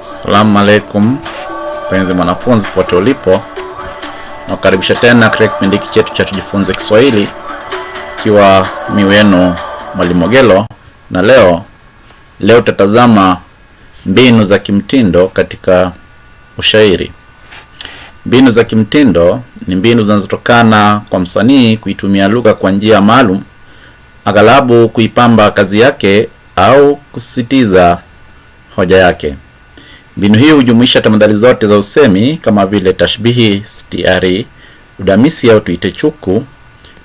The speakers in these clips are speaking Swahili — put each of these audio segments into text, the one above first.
Salamu alaikum mpenzi mwanafunzi pote ulipo, nakukaribisha tena katika kipindi hiki chetu cha tujifunze Kiswahili, ikiwa mi wenu mwalimu na leo leo tutatazama mbinu za kimtindo katika ushairi. Mbinu za kimtindo ni mbinu zinazotokana kwa msanii kuitumia lugha kwa njia maalum, aghalabu kuipamba kazi yake au kusisitiza hoja yake. Mbinu hii hujumuisha tamathali zote za usemi kama vile tashbihi, stiari, udamisi au tuite chuku,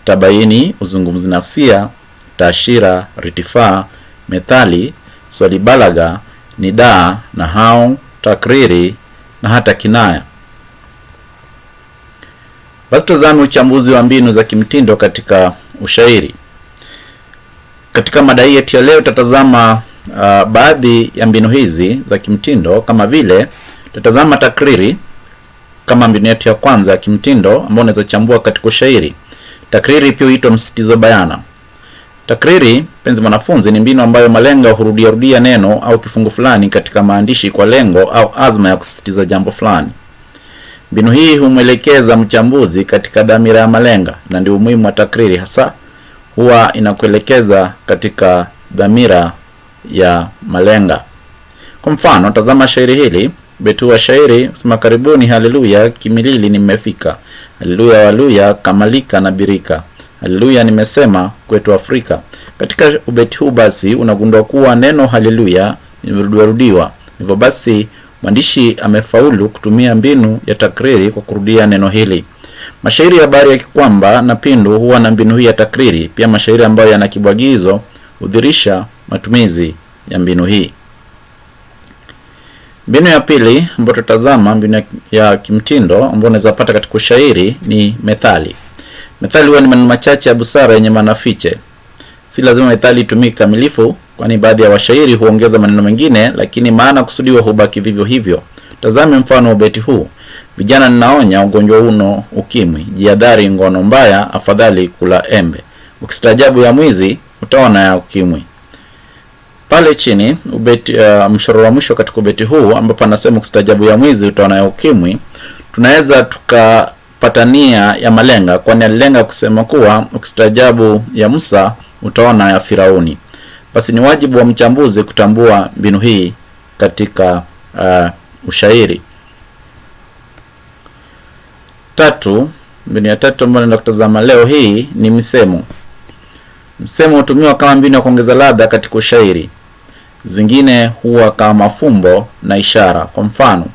tabaini, uzungumzi nafsia, taashira, ritifaa, methali, swali balagha, nidaa, nahau, takriri na hata kinaya. Basi tazame uchambuzi wa mbinu za kimtindo katika ushairi. Katika mada hii yetu ya leo, tutatazama uh, baadhi ya mbinu hizi za kimtindo kama vile tutazama takriri kama mbinu yetu ya kwanza ya kimtindo ambayo unaweza chambua katika ushairi. Takriri pia huitwa msitizo bayana. Takriri, penzi mwanafunzi, ni mbinu ambayo malenga hurudia rudia neno au kifungu fulani katika maandishi kwa lengo au azma ya kusisitiza jambo fulani. Mbinu hii humwelekeza mchambuzi katika dhamira ya malenga, na ndio umuhimu wa takriri, hasa huwa inakuelekeza katika dhamira ya malenga. Kwa mfano, tazama shairi hili, betua shairi sema karibuni, haleluya kimilili nimefika, haleluya waluya kamalika na birika, haleluya nimesema kwetu Afrika. Katika ubeti huu basi unagundua kuwa neno haleluya imerudiwarudiwa Hivyo basi mwandishi amefaulu kutumia mbinu ya takriri kwa kurudia neno hili. Mashairi ya habari ya Kikwamba na Pindu huwa na mbinu hii ya takriri. Pia mashairi ambayo yana kibwagizo hudhirisha matumizi ya mbinu hii. Mbinu ya pili ambayo tutazama mbinu ya kimtindo ambayo unaweza pata katika ushairi ni methali. Methali huwa ni maneno machache ya busara yenye maana fiche. Si lazima methali itumike kamilifu kwani baadhi ya washairi huongeza maneno mengine, lakini maana kusudiwa hubaki vivyo hivyo. Tazame mfano wa ubeti huu: vijana, ninaonya ugonjwa uno ukimwi, jiadhari ngono mbaya, afadhali kula embe, ukistaajabu ya mwizi utaona ya ukimwi pale chini ubeti uh, mshororo wa mwisho katika ubeti huu ambapo anasema kustajabu ya mwizi utaona ya ukimwi, tunaweza tukapata nia ya malenga, kwani alilenga kusema kuwa ukistaajabu ya Musa utaona ya Firauni. Basi ni wajibu wa mchambuzi kutambua mbinu hii katika uh, ushairi. Tatu, mbinu ya tatu ambayo naenda kutazama leo hii ni msemo Msemo hutumiwa kama mbinu ya kuongeza ladha katika ushairi zingine huwa kama fumbo na ishara. Kwa mfano,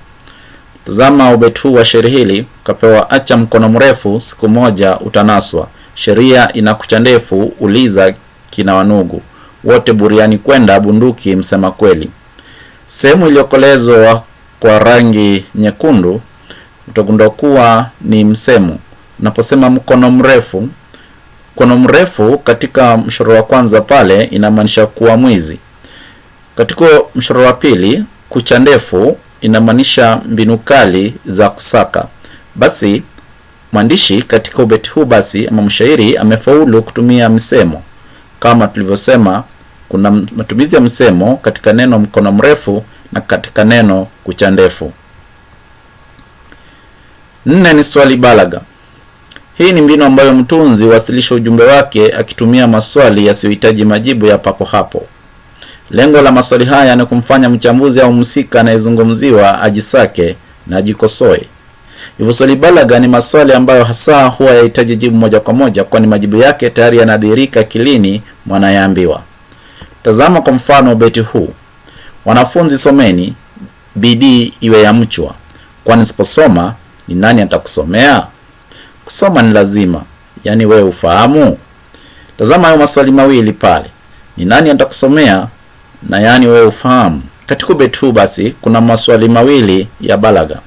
tazama ubetu huu wa sheria hili, ukapewa acha mkono mrefu, siku moja utanaswa, sheria ina kucha ndefu, uliza kina wanugu wote buriani kwenda, bunduki msema kweli. Sehemu iliyokolezwa kwa rangi nyekundu utagundua kuwa ni msemo. Unaposema mkono mrefu, mkono mrefu katika mshoro wa kwanza pale inamaanisha kuwa mwizi. Katika mshoro wa pili, kucha ndefu inamaanisha mbinu kali za kusaka. Basi mwandishi katika ubeti huu basi, ama mshairi amefaulu kutumia msemo. Kama tulivyosema, kuna matumizi ya msemo katika neno mkono mrefu na katika neno kucha ndefu. Nne ni swali balagha. Hii ni mbinu ambayo mtunzi huwasilisha ujumbe wake akitumia maswali yasiyohitaji majibu ya papo hapo. Lengo la maswali haya ni kumfanya mchambuzi au mhusika anayezungumziwa ajisake na ajikosoe. Hivyo swali balagha ni maswali ambayo hasa huwa yahitaji jibu moja kwa moja, kwani majibu yake tayari yanadhihirika kilini mwanayeambiwa. Tazama kwa mfano ubeti huu: wanafunzi someni, bidii iwe ya mchwa, kwani siposoma ni nani atakusomea? Kusoma ni lazima, yaani wewe ufahamu. Tazama hayo maswali mawili pale, ni nani atakusomea na yaani wewe ufahamu. Katika betu basi kuna maswali mawili ya balagha.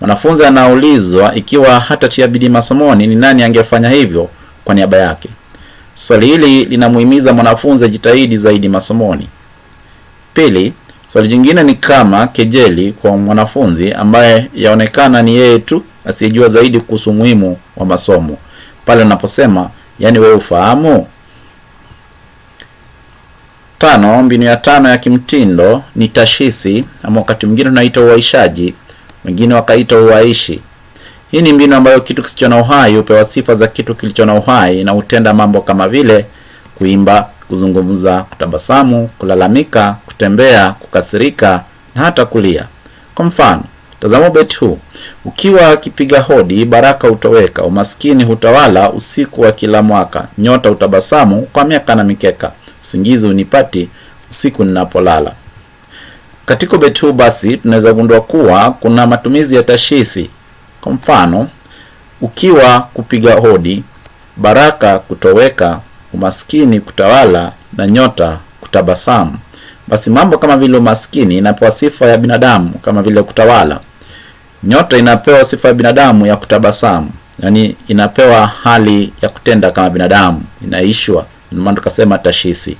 Mwanafunzi anaulizwa ikiwa hata tiabidi masomoni ni nani angefanya hivyo kwa niaba yake. Swali hili linamuhimiza mwanafunzi ajitahidi zaidi masomoni. Pili, swali jingine ni kama kejeli kwa mwanafunzi ambaye yaonekana ni yeye tu asiyejua zaidi kuhusu umuhimu wa masomo, pale anaposema yaani wewe ufahamu Tano, mbinu ya tano ya kimtindo ni tashisi ama wakati mwingine tunaita uwaishaji mwingine wakaita uwaishi Hii ni mbinu ambayo kitu kisicho na uhai hupewa sifa za kitu kilicho na uhai na hutenda mambo kama vile kuimba, kuzungumza, kutabasamu, kulalamika, kutembea, kukasirika na hata kulia. Kwa mfano, tazama ubeti huu: ukiwa akipiga hodi, baraka hutoweka, umaskini hutawala usiku wa kila mwaka, nyota hutabasamu kwa miaka na mikeka usingizi unipati usiku ninapolala. Katika ubeti huu basi tunaweza gundua kuwa kuna matumizi ya tashihisi. Kwa mfano, ukiwa kupiga hodi, baraka kutoweka, umaskini kutawala na nyota kutabasamu. Basi mambo kama vile umaskini inapewa sifa ya binadamu kama vile kutawala. Nyota inapewa sifa ya binadamu ya kutabasamu, yaani inapewa hali ya kutenda kama binadamu, inaishwa maana tukasema tashisi.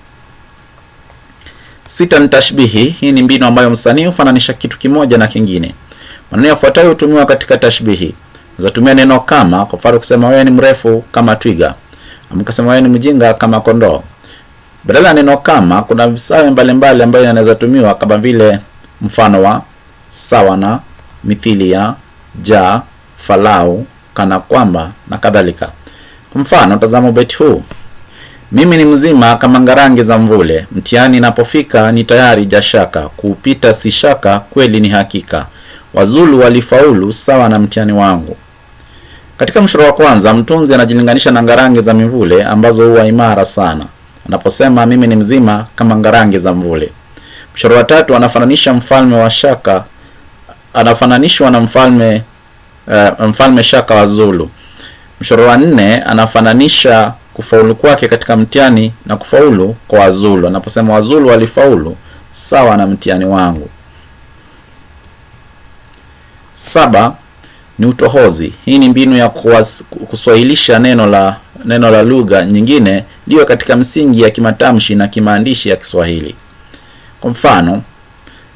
Sita ni tashbihi. Hii ni mbinu ambayo msanii hufananisha kitu kimoja na kingine. Maneno yafuatayo hutumiwa katika tashbihi. Zatumia neno kama, kwa mfano kusema wewe ni mrefu kama twiga, amkasema wewe ni mjinga kama kondoo. Badala ya neno kama, kuna visawe mbalimbali ambayo yanaweza tumiwa kama vile mfano wa, sawa na, mithili ya, ja, falau, kana kwamba na kadhalika. Kwa mfano, tazama ubeti huu. Mimi ni mzima kama ngarange za mvule, mtihani inapofika ni tayari jashaka, kuupita si shaka, kweli ni hakika. Wazulu walifaulu sawa na mtihani wangu. Katika mshoro wa kwanza mtunzi anajilinganisha na ngarange za mivule ambazo huwa imara sana, anaposema mimi ni mzima kama ngarange za mvule. Mshoro wa tatu anafananisha mfalme wa shaka, anafananishwa na mfalme uh, mfalme shaka wa Zulu. Mshoro wa nne anafananisha kufaulu kwake katika mtihani na kufaulu kwa Wazulu. Anaposema Wazulu walifaulu sawa na mtihani wangu. Saba ni utohozi. Hii ni mbinu ya kuswahilisha neno la neno la lugha nyingine liyo katika msingi ya kimatamshi na kimaandishi ya Kiswahili. Kwa mfano,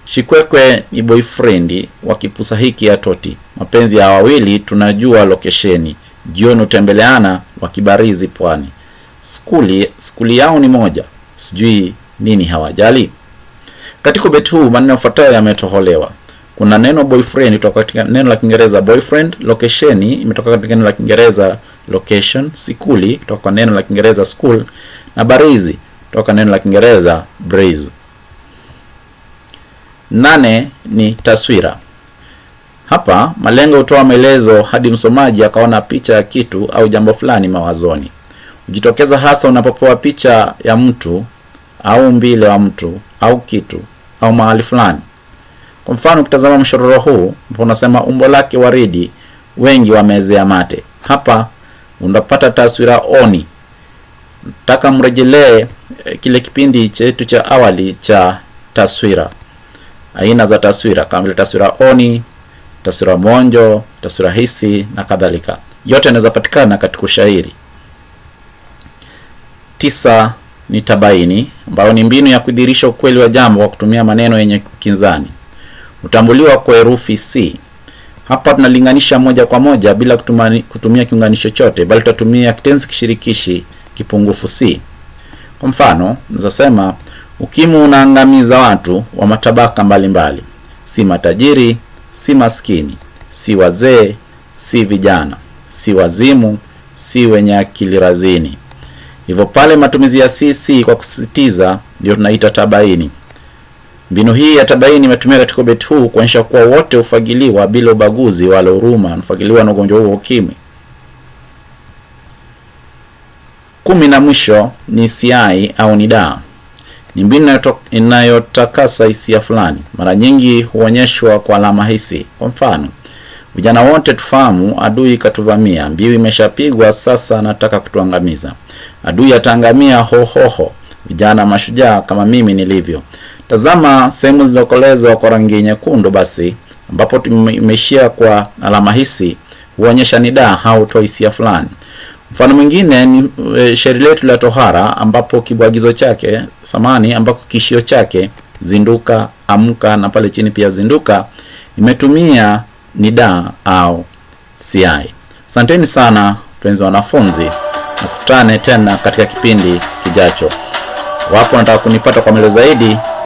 Shikwekwe ni boyfriend wa kipusa hiki ya toti, mapenzi ya wawili tunajua lokesheni jioni hutembeleana wakibarizi pwani. Skuli, skuli yao ni moja, sijui nini hawajali. Katika ubeti huu maneno yafuatayo yametoholewa. Kuna neno boyfriend kutoka katika neno la Kiingereza boyfriend, location imetoka katika neno la Kiingereza location, sikuli kutoka kwa neno la Kiingereza school na barizi kutoka neno la Kiingereza breeze. Nane ni taswira. Hapa malengo hutoa maelezo hadi msomaji akaona picha ya kitu au jambo fulani mawazoni. Hujitokeza hasa unapopewa picha ya mtu au umbile wa mtu au kitu au mahali fulani. Kwa mfano, ukitazama mshororo huu ambao unasema umbo lake waridi, wengi wamezea mate. Hapa unapata taswira oni. Nataka mrejelee eh, kile kipindi chetu cha awali cha taswira, aina za taswira kama vile taswira oni taswira mwonjo, taswira hisi na kadhalika. Yote yanaweza patikana katika ushairi. Tisa ni tabaini, ambayo ni mbinu ya kudhihirisha ukweli wa jambo kwa kutumia maneno yenye ukinzani. Utambuliwa kwa herufi C. Hapa tunalinganisha moja kwa moja bila kutumani, kutumia kiunganisho chote, bali tutatumia kitenzi kishirikishi kipungufu C. Kwa mfano, unaweza ukimwi unaangamiza watu wa matabaka mbalimbali mbali. Si matajiri si maskini, si wazee, si vijana, si wazimu, si wenye akili razini. Hivyo pale matumizi ya si kwa kusisitiza ndio tunaita tabaini. Mbinu hii ya tabaini imetumika katika ubeti huu kuonyesha kuwa wote hufagiliwa bila ubaguzi wala huruma, nafagiliwa na ugonjwa huo ukimwi. Kumi na mwisho ni siai au daa. Ni mbinu inayotakasa hisia fulani, mara nyingi huonyeshwa kwa alama hisi. Kwa mfano, vijana wote tufahamu, adui katuvamia, mbiu imeshapigwa, sasa anataka kutuangamiza, adui ataangamia hohoho. Vijana mashujaa kama mimi nilivyo. Tazama sehemu zilizokolezwa kwa rangi nyekundu basi, ambapo imeishia kwa alama hisi, huonyesha nidaa au toa hisia fulani. Mfano mwingine ni e, shairi letu la tohara ambapo kibwagizo chake samani, ambako kishio chake zinduka, amka na pale chini pia zinduka, imetumia nida au siai. Asanteni sana penzi wanafunzi, nakutane tena katika kipindi kijacho. Wapo nataka kunipata kwa mele zaidi